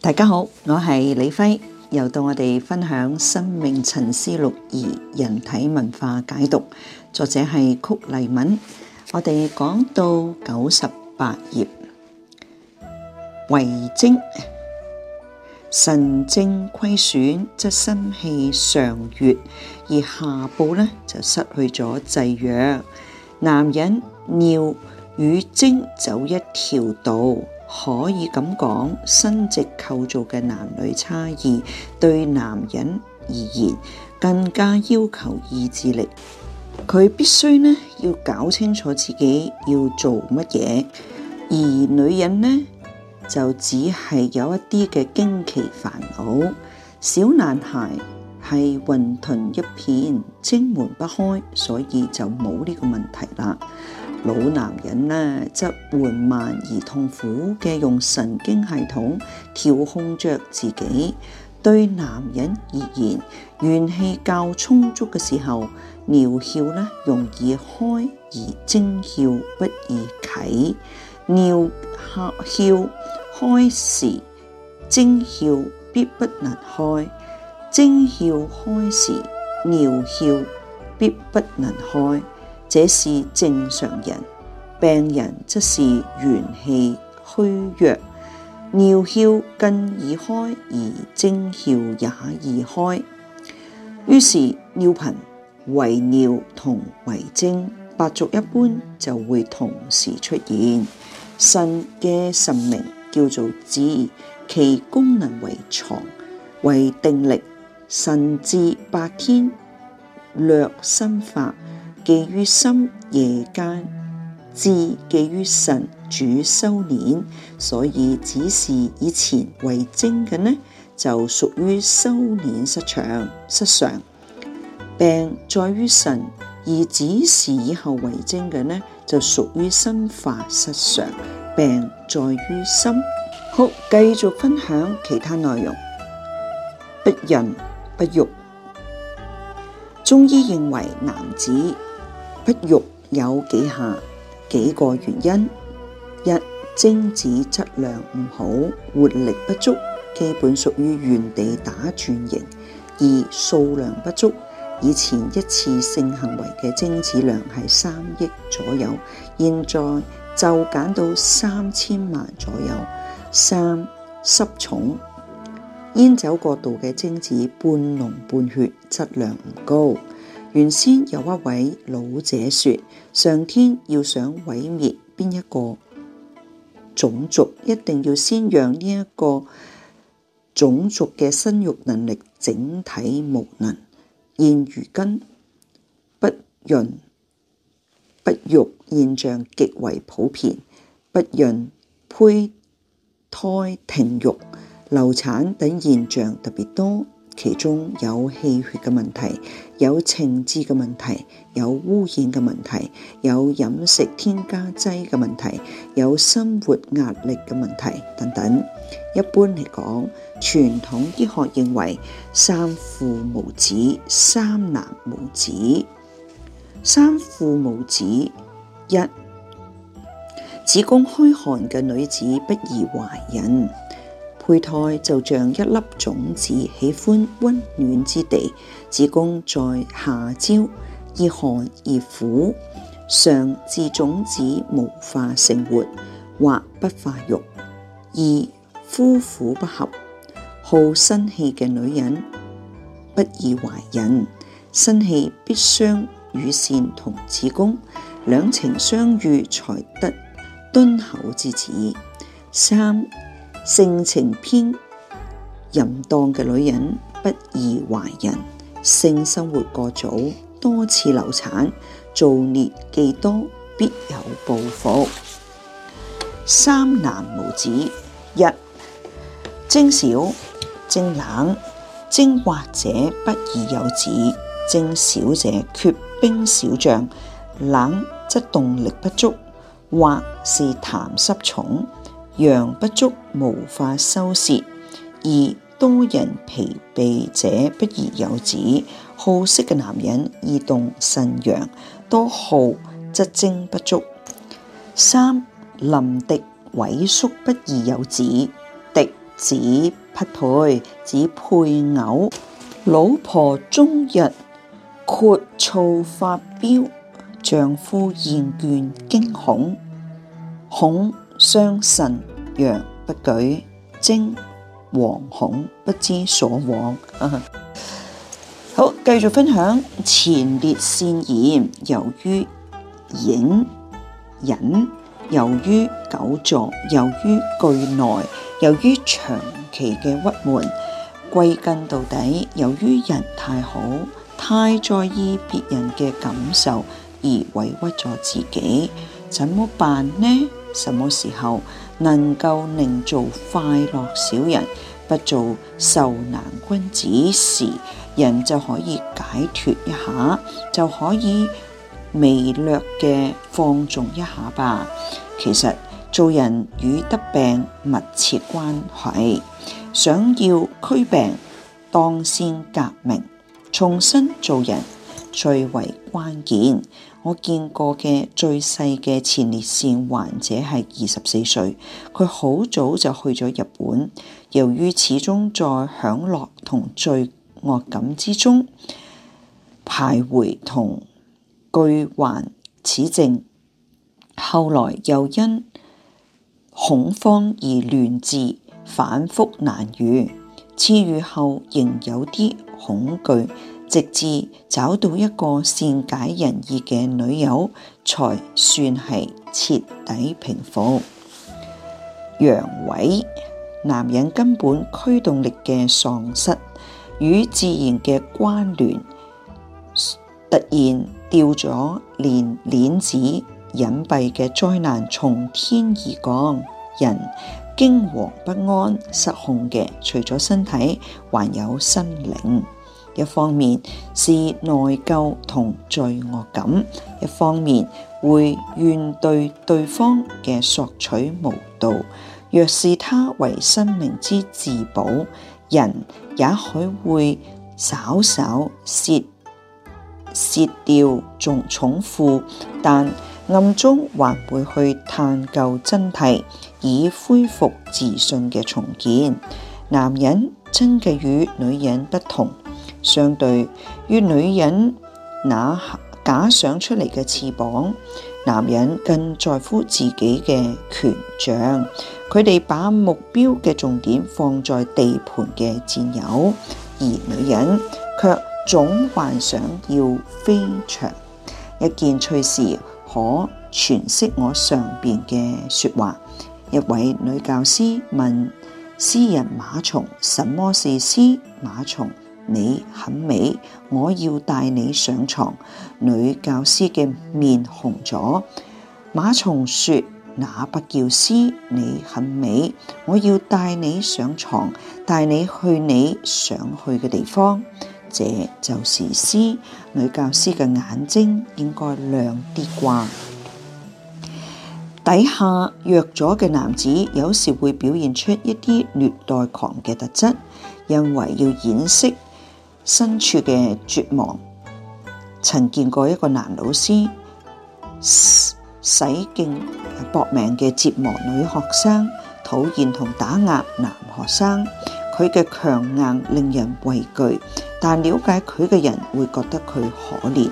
大家好，我係李輝，又到我哋分享《生命沉思錄二人體文化解讀》，作者係曲黎敏。我哋講到九十八頁，遺精，腎精虧損，則心氣上越，而下部呢就失去咗制約。男人尿與精走一條道。可以咁講，生殖構造嘅男女差異，對男人而言更加要求意志力，佢必須呢要搞清楚自己要做乜嘢，而女人呢就只係有一啲嘅經期煩惱，小男孩係混沌一片，精門不開，所以就冇呢個問題啦。老男人呢，則緩慢而痛苦嘅用神經系統調控着自己。對男人而言，元氣較充足嘅時候，尿竅呢容易開而精竅不易啟。尿竅開時，精竅必不能開；精竅開時，尿竅必不能開。這是正常人，病人則是元氣虛弱，尿竅更易開，而精竅也易開。於是尿頻、遺尿同遺精，白族一般就會同時出現。腎嘅神名叫做志，其功能為藏、為定力。腎至百天，略心法。寄於心夜間，志寄於神主收斂，所以只是以前遺精嘅呢，就屬於收斂失常失常。病在於神，而只是以後遺精嘅呢，就屬於生化失常。病在於心。好，繼續分享其他內容。不孕不育，中醫認為男子。不育有幾下幾個原因：一、精子質量唔好，活力不足，基本屬於原地打轉型；二、數量不足，以前一次性行為嘅精子量係三億左右，現在就減到三千萬左右；三、濕重，煙酒過度嘅精子半濃半血，質量唔高。原先有一位老者說：上天要想毀滅邊一個種族，一定要先讓呢一個種族嘅生育能力整體無能。現如今，不孕不育現象極為普遍，不孕、胚胎停育、流產等現象特別多。其中有氣血嘅問題，有情志嘅問題，有污染嘅問題，有飲食添加劑嘅問題，有生活壓力嘅問題等等。一般嚟講，傳統醫學認為三父無子，三男無子，三父無子一子宮虛寒嘅女子不宜懷孕。胚胎就像一粒種子，喜歡温暖之地。子宮在下焦而寒而苦，常致種子無法成活或不發育。二、夫婦不合，好生氣嘅女人不宜懷孕。生氣必傷乳腺同子宮，兩情相悅才得敦厚之子。三、性情偏淫蕩嘅女人不宜懷孕。性生活過早多次流產，造孽既多必有報復。三男無子：一精少、精冷、精滑者不宜有子；精少者缺兵少將，冷則動力不足，或是痰濕重。陽不足，無法收攝；二多人疲憊者不宜有子。好色嘅男人易動腎陽，多耗則精不足。三臨敵萎縮不宜有子，敵子匹配，指配偶老婆終日闊燥發飆，丈夫厭倦驚恐，恐。傷腎陽，不舉；精惶恐，不知所往。 好，繼續分享前列腺炎，由於影隱忍，由於久坐，由於巨耐，由於長期嘅鬱悶，歸根到底，由於人太好，太在意別人嘅感受而委屈咗自己，怎麼辦呢？什麼時候能夠寧做快樂小人，不做受難君子時，人就可以解脱一下，就可以微略嘅放縱一下吧。其實做人與得病密切關係，想要驅病，當先革命，重新做人最為關鍵。我見過嘅最細嘅前列腺患者係二十四歲，佢好早就去咗日本，由於始終在享樂同罪惡感之中徘徊同據患此症，後來又因恐慌而亂治，反覆難愈，治愈後仍有啲恐懼。直至找到一個善解人意嘅女友，才算係徹底平復。陽痿，男人根本驅動力嘅喪失，與自然嘅關聯突然掉咗連鏈子，隱蔽嘅災難從天而降，人驚惶不安、失控嘅，除咗身體，還有心靈。一方面是內疚同罪惡感，一方面會怨對對方嘅索取無度。若視他為生命之自保，人也許會稍稍卸掉重重負，但暗中還會去探究真諦，以恢復自信嘅重建。男人真嘅與女人不同。相對於女人那假想出嚟嘅翅膀，男人更在乎自己嘅權杖。佢哋把目標嘅重點放在地盤嘅戰友，而女人卻總幻想要飛翔。一件趣事可詮釋我上邊嘅說話。一位女教師問詩人馬松：什麼是詩馬松？你很美，我要帶你上床。女教師嘅面紅咗。馬松說：那不叫詩。你很美，我要帶你上床，帶你去你想去嘅地方。這就是詩。女教師嘅眼睛應該亮啲啩。底下弱咗嘅男子有時會表現出一啲虐待狂嘅特質，因為要掩飾。身處嘅絕望，曾見過一個男老師使勁搏命嘅折磨女學生，討厭同打壓男學生，佢嘅強硬令人畏懼，但了解佢嘅人會覺得佢可憐。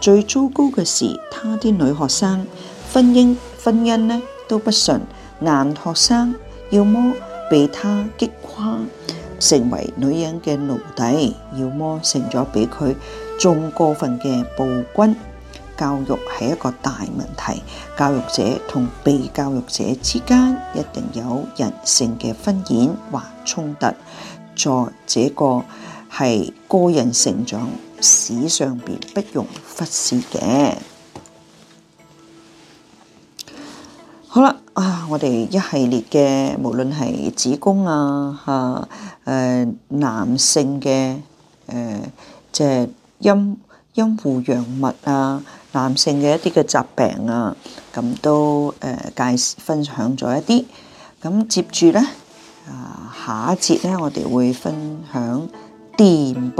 最糟糕嘅是，他啲女學生婚姻婚姻呢都不順，男學生要麼被他擊垮，成為女人嘅奴隸，要麼成咗俾佢仲過分嘅暴君。教育係一個大問題，教育者同被教育者之間一定有人性嘅分衍或衝突，在這個係個人成長史上面不容忽視嘅。好啦，啊，我哋一系列嘅無論係子宮啊，吓，誒，男性嘅，誒，即係陰陰護陽物啊，男性嘅一啲嘅疾病啊，咁都誒介紹分享咗一啲，咁接住咧，啊，下一節咧，我哋會分享遺精，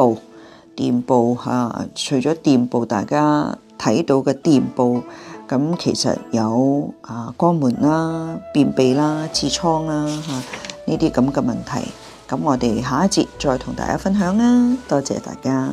遺精吓，除咗遺精，大家睇到嘅遺精。咁其實有啊肛門啦、便秘啦、痔瘡啦嚇，呢啲咁嘅問題，咁我哋下一節再同大家分享啦，多謝大家。